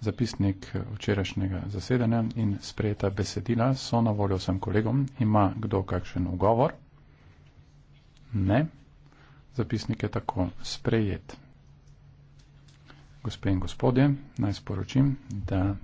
Zapisnik eh, včerajšnjega zasedanja in sprejeta besedila so na voljo vsem kolegom. Ima kdo kakšen ugovor? Ne. Zapisnik je tako sprejet. Gospe in gospodje, naj sporočim, da.